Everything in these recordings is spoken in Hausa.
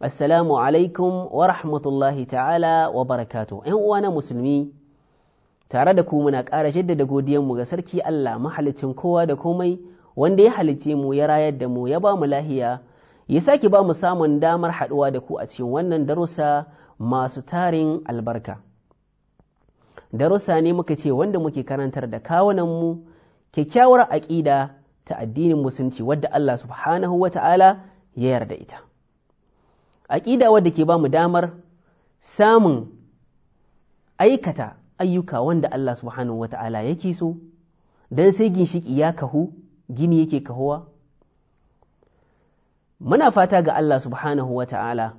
Assalamu alaikum wa rahmatullahi ta'ala wa barakatu ‘yan uwa na musulmi, tare da ku muna ƙara jaddada godiyanmu ga sarki Allah mahalicin kowa da komai wanda ya halicce mu ya rayar da mu ya ba mu lahiya, ya sake ba mu samun damar haɗuwa da ku a cikin wannan darussa masu tarin albarka. Darussa ne muka ce wanda muke karantar da kawunanmu kyakkyawar aƙida ta addinin musulunci wadda Allah subhanahu wa ta'ala ya yarda ita. aƙida wadda ke ba mu damar samun aikata ayyuka wanda Allah subhanahu wa ta'ala yake so, don sai ginshiki ya kahu, gini yake kahuwa. Muna fata ga Allah subhanahu wa ta'ala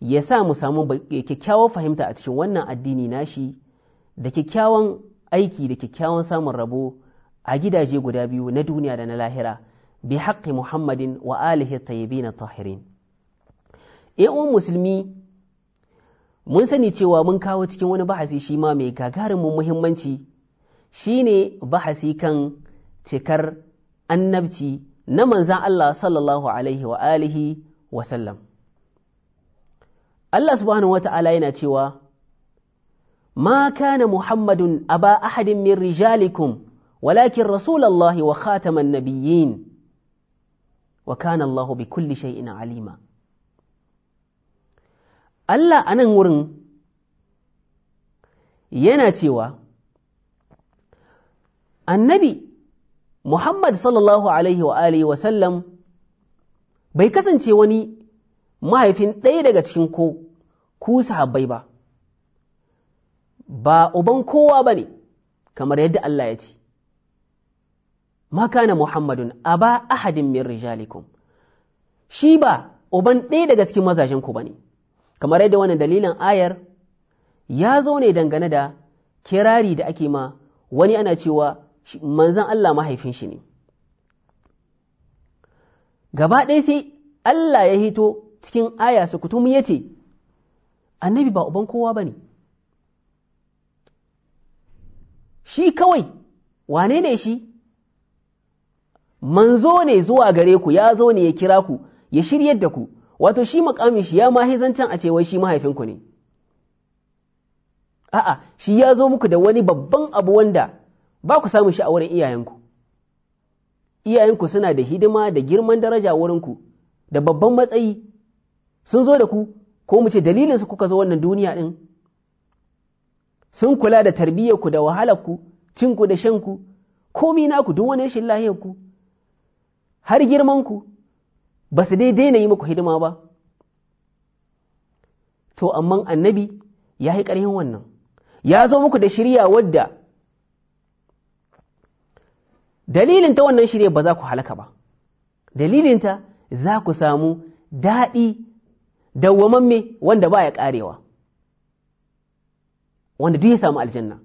ya sa mu samu kyakkyawar fahimta a cikin wannan addini nashi da kyakkyawan aiki da kyakkyawan samun rabo a gidaje guda biyu na duniya da na lahira bi haƙƙi Muhammadin wa alihi tayyibin tahirin. uwan musulmi mun sani cewa mun kawo cikin wani bahasi shi ma mai gagarumin muhimmanci shine bahasi kan cikar annabci na manzan Allah sallallahu alaihi wa alihi wa Allah subhanahu wa ta'ala yana cewa ma kana Muhammadun aba ahadin min rijalikum walakin rasulallahi wa khataman nabiyyin wa kana Allah bi kulli shay'in alima Allah a nan wurin yana cewa annabi Muhammad sallallahu Alaihi wa alihi wa sallam bai kasance wani mahaifin ɗaya daga cikin ko ku sahabbai ba, ba uban kowa ba ne, kamar yadda Allah ya ce, makana Muhammadun aba ahadin min rijalikum, shi ba uban ɗaya daga cikin mazajen ku ba ne. kamar yadda wannan dalilin ayar ya zo ne dangane da kirari da ake ma wani ana cewa manzan Allah mahaifin shi ne gaba ɗaya sai Allah ya hito cikin aya su kutum ya ce annabi ba uban kowa ba ne shi kawai wane ne shi manzo ne zuwa gare ku ya zo ne ya kira ku ya shiryar da ku wato shi makamin shi ya mahi a ce wai shi mahaifinku ne a'a shi ya zo muku da wani babban abu wanda ba ku samu shi a wurin iyayenku iyayenku suna da hidima da girman daraja wurinku da babban matsayi sun zo da ku ko mu ce dalilinsu kuka zo wannan duniya ɗin sun kula da tarbiyyarku da wahalarku cinku da shanku komi naku duk wani shi lahiyarku har girmanku ba su dai daina yi muku hidima ba to amma annabi ya yi ƙarfin wannan ya zo muku da shirya wadda dalilin ta wannan shirya ba za ku halaka ba dalilinta za ku samu daɗi dawwamamme wanda ba ya ƙarewa wanda duk ya samu aljanna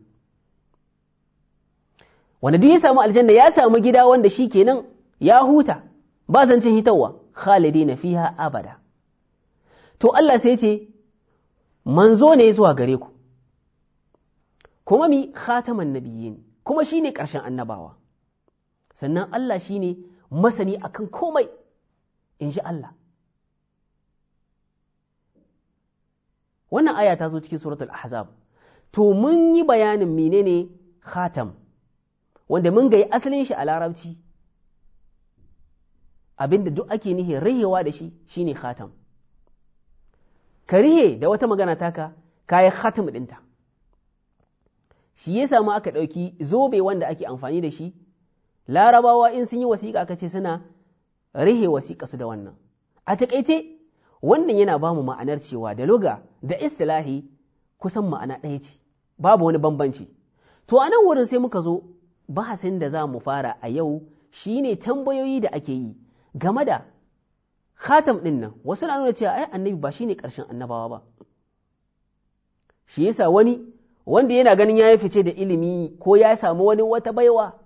wanda duk ya samu aljanna ya samu gida wanda shi kenan ya huta ba zancin hitarwa na fiha abada to Allah sai ce manzo ne zuwa gare ku kuma mi khataman nabiyyin kuma shine ƙarshen annabawa sannan Allah shine masani akan komai in ji Allah wannan aya ta zo cikin suratul ahzab to mun yi bayanin menene khatam wanda mun gayi asalin shi a larabci Abin da duk ake nihin rihewa da shi shine khatam ka rihe da wata magana taka yi khatam ɗinta shi ya samu aka ɗauki zobe wanda ake amfani da shi larabawa in sun yi wasiƙa aka ce suna rihe wasiƙa su da wannan a taƙaice wannan yana ba mu ma'anar cewa da loga da istilahi kusan ma'ana ɗaya ce babu wani bambanci to a nan wurin sai muka zo bahasin da za mu fara a yau shine tambayoyi da ake yi game da khatam ɗin nan wasu na nuna cewa ai annabi ba shi shine ƙarshen annabawa ba shi yasa wani wanda yana ganin ya yi fice da ilimi ko ya samu wani wata baiwa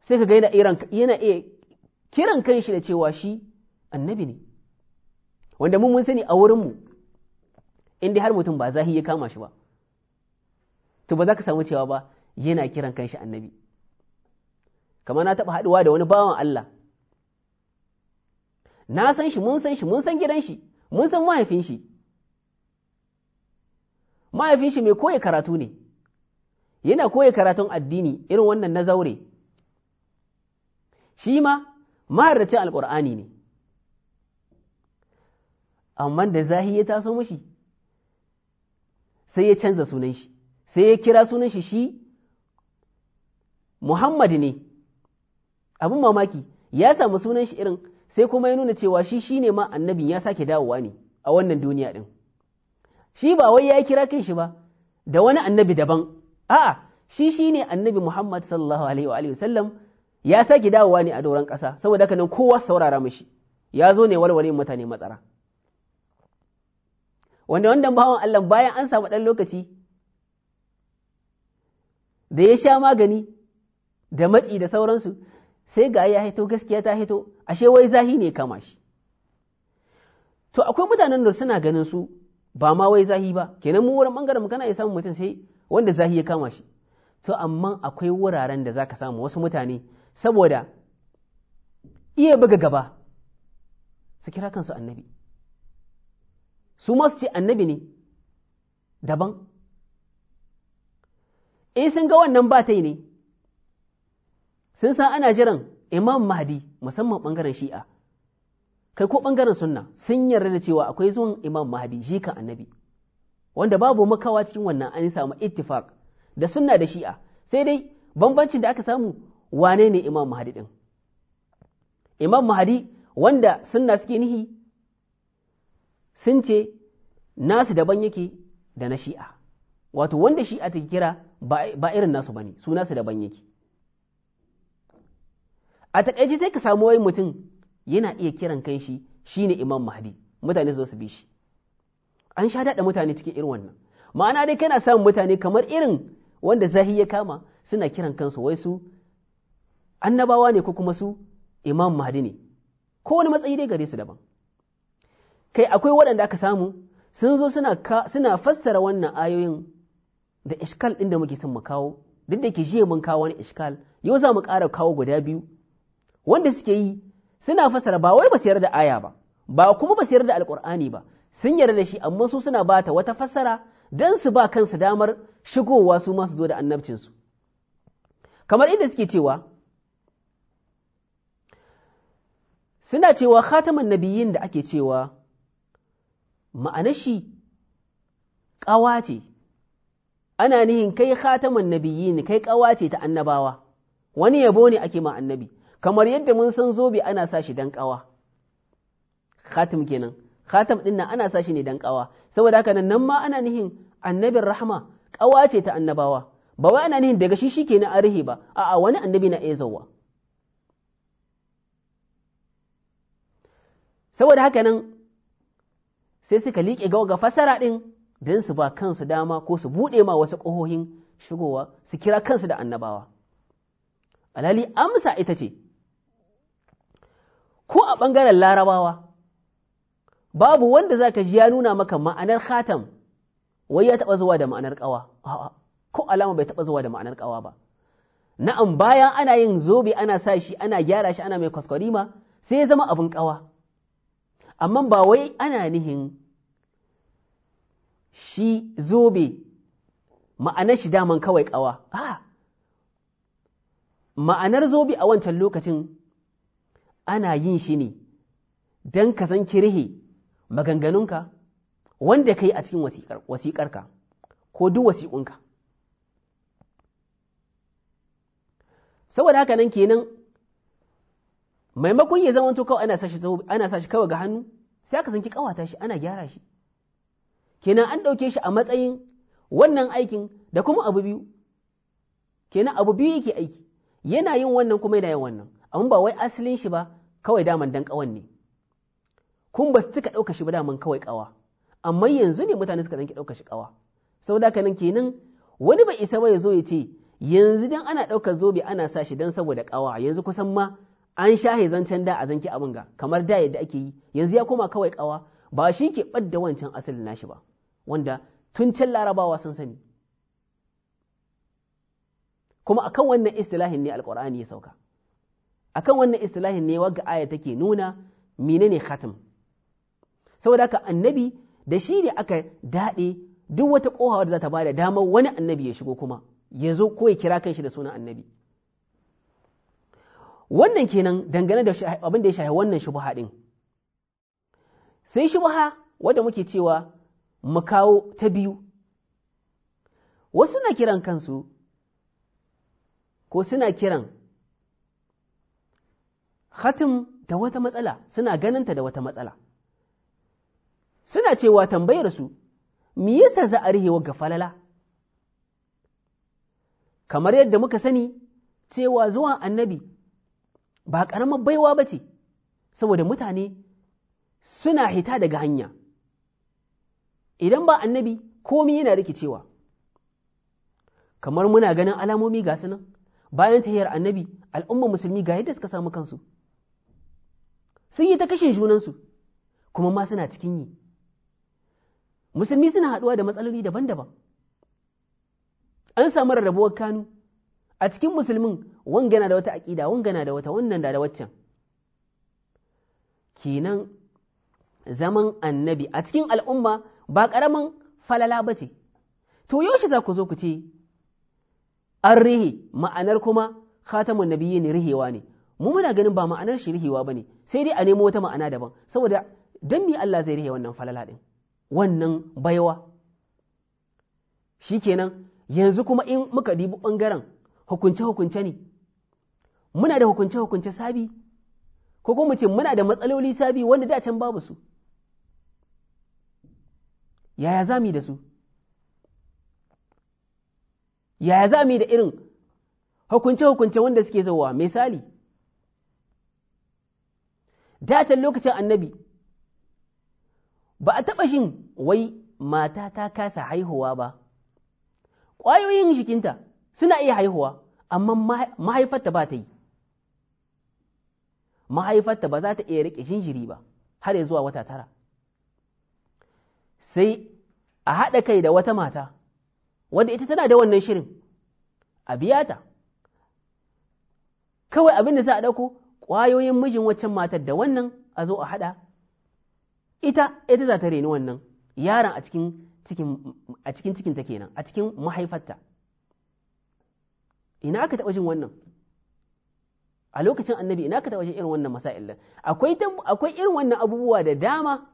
sai ka ga yana iya kiran kanshi da cewa shi annabi ne wanda mun sani a wurinmu inda har mutum ba zahi ya kama shi ba to ba za ka samu cewa ba yana kiran kanshi annabi kamar na taɓa haɗuwa da wani bawan Allah na san shi mun san shi mun san gidan shi mun san mahaifin shi mahaifin shi mai koya karatu ne yana koya karatun addini irin wannan na zaure shi ma maharracin alƙur'ani ne amma da zahi ya taso mashi sai ya canza sunan shi sai ya kira sunan shi shi Muhammad ne abin mamaki ya samu sunan shi irin sai kuma ya nuna cewa shi shine ma annabin ya sake dawowa ne a wannan duniya din shi ba wai ya kira kai shi ba da wani annabi daban a'a shi shine annabi Muhammad sallallahu alaihi wa alihi sallam ya sake dawowa ne a doron ƙasa saboda haka nan kowa saurara mishi ya zo ne walwale mutane matsara wanda wannan bawan Allah bayan an samu ɗan lokaci da ya sha magani da matsi da sauransu sai ga ya haito gaskiya ta haito ashe wai zahi ne kama shi to akwai mutanen da suna ganin su ba ma wai zahi ba kenan mu wurin bangaren mu kana iya samun mutum sai wanda zahi ya kama shi to amma akwai wuraren da zaka samu wasu mutane saboda iya buga gaba su kira kansu annabi su ma su ce annabi ne daban in sun ga wannan ba ta yi ne sun san ana jiran imam mahdi musamman ɓangaren shi'a kai ko ɓangaren sunna sun yarda da cewa akwai zuwan imam mahdi shi kan annabi wanda babu makawa cikin wannan an samu ittifaq da sunna da shi'a sai dai bambancin da aka samu wane ne imam mahdi din imam mahdi wanda sunna suke nihi sun ce nasu daban yake da na shi'a wato wanda shi'a take kira ba irin nasu bane su nasu daban yake a takaici sai ka samu wai mutum yana iya kiran kan shi shine imam mahdi mutane su su bi shi an sha daɗa mutane cikin irin wannan ma'ana dai kana samun mutane kamar irin wanda zahi ya kama suna kiran kansu wai su annabawa ne ko kuma su imam mahdi ne ko wani matsayi dai gare su daban kai akwai waɗanda aka samu sun zo suna fassara wannan ayoyin da iskal ɗin da muke son mu kawo duk da ke jiya mun kawo wani iskal yau za mu ƙara kawo guda biyu wanda suke yi suna fasara ba wai ba su da aya ba ba kuma ba su da alkur'ani ba sun yarda da shi amma su suna bata wata fasara don su ba kansu damar shigowa su masu zo da annabcinsu kamar inda suke cewa suna cewa khataman nabiyyin da ake cewa ma'anar shi ƙawa ce ana nihin kai khataman nabiyyin kai ƙawa ce ta annabawa wani yabo ne ake ma annabi kamar yadda mun san zobe ana sa shi dan kawa khatim kenan khatim din nan ana sa shi ne dan kawa saboda haka nan ma ana nihin annabin rahma ƙawa ce ta annabawa ba wai ana nihin daga shi kenan a rihe ba a'a wani annabi na iya zawwa saboda haka nan sai suka liƙe ga fasara ɗin don su ba kansu dama ko su buɗe ma wasu ƙohohin shigowa su kira kansu da annabawa alhali amsa ita ce ko a ɓangaren larabawa babu wanda za ka ji ya nuna maka ma'anar khatam wai ya taɓa zuwa da ma'anar ƙawa ko alama bai taɓa zuwa da ma'anar ƙawa ba na'am bayan ana yin zobe ana sa shi ana gyara shi ana mai kwaskwarima sai ya zama abin ƙawa amma ba wai ana nihin shi zobe ma'anar shi daman kawai ƙawa ma'anar zobe a wancan lokacin ana yin shi ne don ka san kirhe maganganunka wanda ka yi a cikin wasiƙarka ko duk wasiƙunka. Saboda haka nan kenan maimakon ya zama kawai ana sa shi kawai ga hannu sai aka sanki kawata shi ana gyara shi. Kenan an ɗauke shi a matsayin wannan aikin da kuma abu biyu. Kenan abu biyu yake aiki yana yin wannan kuma yana yin wannan. amma ba wai asalin shi ba kawai daman dan kawan ne kun ba su cika ɗauka shi ba daman kawai kawa amma yanzu ne mutane suka zanki ɗauka shi kawa saboda haka nan kenan wani bai isa ba ya zo ya ce yanzu dan ana ɗauka zobe ana sa shi dan saboda kawa yanzu kusan ma an shahe zancen da a zanki abin ga kamar da yadda ake yi yanzu ya koma kawai kawa ba shi ke ɓadda wancan asalin nashi ba wanda tun can larabawa sun sani kuma akan wannan istilahin ne alkur'ani ya sauka akan wannan istilahin ne wagga aya take nuna menene khatam saboda haka annabi da shi ne aka daɗe duk wata da za ta bada dama wani annabi ya shigo kuma ya zo ko ya kira kanshi da sunan annabi wannan kenan dangane da abin da ya shahi wannan shubha din sai shubuha wadda muke cewa mu kawo ta biyu wasu na kiran kansu ko suna kiran khatim da wata matsala suna ganin ta da wata matsala suna cewa tambayar su me yasa za a rihewa ga falala kamar yadda muka sani cewa zuwan annabi ba ƙaramar baiwa ba ce saboda mutane suna hita daga hanya idan ba annabi komi yana rikicewa kamar muna ganin alamomi ga sunan bayan tahiyar annabi al'umma musulmi ga yadda suka samu kansu sun yi ta kashin junansu kuma ma suna cikin yi musulmi suna haɗuwa da matsaloli daban-daban an samu rarrabuwar kanu a cikin musulmin wanga na da wata aƙida wanga na da wata wannan da da waccan kenan zaman annabi a cikin al'umma ba ƙaramin falala ba ce to yaushe za ku zo ku ce an rihe ma'anar kuma khatamun nabiyyi ne rihewa ne mu muna ganin ba ma'anar shi ba bane sai dai a nemo wata ma'ana daban saboda dan me Allah zai rihe wannan falala din wannan baiwa shikenan yanzu kuma in muka dibi bangaren hukunce hukunce ne muna da hukunce hukunce sabi ko kuma mu ce muna da matsaloli sabi wanda da can babu su yaya za mu yi da su yaya za mu yi da irin hukunce-hukunce wanda suke zauwa misali dacen lokacin annabi ba a taɓa shin wai mata ta kasa haihuwa ba ƙwayoyin jikinta suna iya haihuwa amma mahaifarta ba ta yi mahaifarta ba za ta iya riƙe jinjiri ba har zuwa wata tara sai a haɗa kai da wata mata wadda ita tana da wannan shirin a biya ta kawai abin da za a ɗauko ƙwayoyin mijin waccan matar da wannan a zo a haɗa ita ita za ta reni wannan yaron a cikin cikin a cikin cikinta kenan a cikin mahaifarta ina aka taɓa jin wannan a lokacin annabi ina aka taɓa jin irin wannan masail akwai akwai irin wannan abubuwa da dama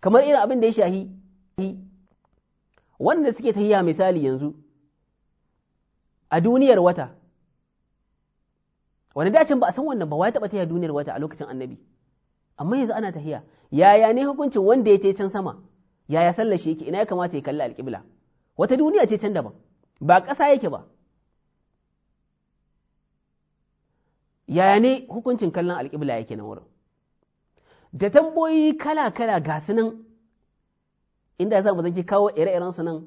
kamar irin abin da ya shahi wanda suke tahiya misali yanzu a duniyar wata wani dacin ba a san wannan ba wai taɓa taya duniyar wata a lokacin annabi amma yanzu ana tahiya yaya ne hukuncin wanda ya can sama yaya sallar shi yake ina ya kamata ya kalli alƙibla wata duniya ce can daban ba ƙasa yake ba yaya ne hukuncin kallon alƙibla yake na wurin da tamboyi kala-kala ga su nan inda za mu zanki kawo ire-iren su nan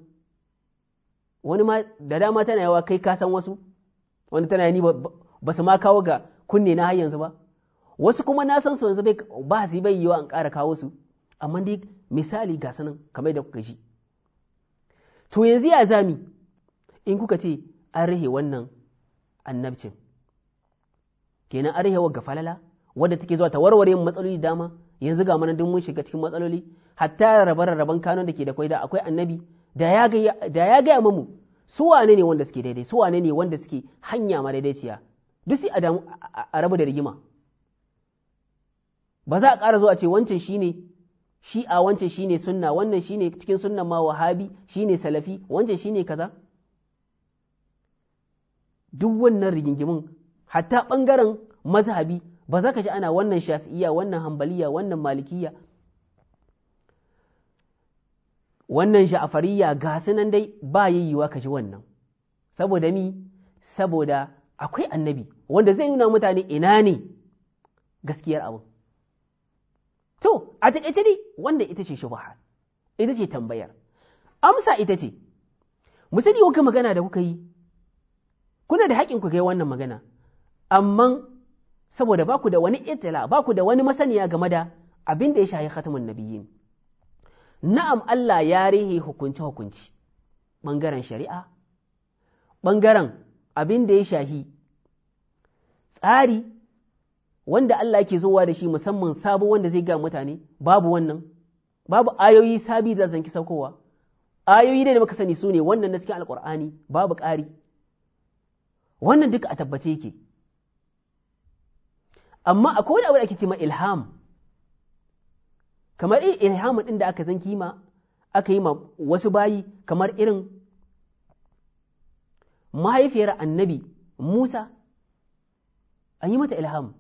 wani ma da dama tana yawa kai ka san wasu wani tana ni ba su ma kawo ga kunne na har yanzu ba wasu kuma na san su yanzu bai ba su bai yiwa an ƙara kawo su amma dai misali ga sanan kamar da kuka ji to yanzu ya zami in kuka ce an rahe wannan annabcin kenan an rahe wa falala? wadda take zuwa ta warware matsaloli dama yanzu ga mana duk mun shiga cikin matsaloli hatta rabar raban kanon da ke da kwaida akwai annabi da ya gaya mamu su wane ne wanda suke daidai su wane ne wanda suke hanya madaidaiciya duk sai a rabu da rigima ba za a ƙara zuwa ce wancan shi ne shi'a wancan shi ne sunna wannan shi ne cikin sunnan ma wahabi ne salafi wancan shi ne kaza duk wannan rigingimin hatta ɓangaren mazhabi ba za ka ji ana wannan shafi'iya wannan hambaliya wannan malikiya wannan sha'afariya ga sunan dai ba yayyuwa ka ji wannan saboda mi saboda akwai annabi wanda zai nuna mutane ina ne gaskiyar abu. to a taƙaice dai wanda ita ce shubaha ita ce tambayar amsa ita ce musani kuka magana da kuka yi kuna da haƙin ku ga wannan magana amma saboda ba ku da wani itila ba ku da wani masaniya game da abin da ya shahi khatamun nabiyyin na'am Allah ya rehe hukunci hukunci ɓangaren shari'a bangaren abin da ya shahi tsari wanda Allah yake zowa da shi musamman sabo wanda zai ga mutane babu wannan babu ayoyi sabi za zanki saukowa ayoyi da muka sani su ne wannan na cikin alkur'ani babu ƙari wannan duka a tabbace yake amma akwai wani abu da ake ce ma ilham kamar ilhamin ɗin da aka zanki ma aka yi ma wasu bayi kamar irin mahaifiyar annabi Musa an yi mata ilham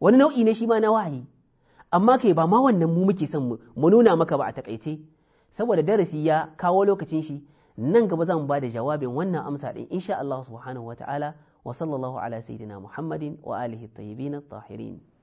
wani nau'i ne shi ma na wahayi amma kai ba ma wannan mu muke son mu nuna maka ba a takaice saboda darasi ya kawo lokacin shi nan gaba zan ba da jawabin wannan amsa din insha Allah subhanahu wataala wa sallallahu ala sayyidina Muhammadin wa alihi at-tayyibin tahirin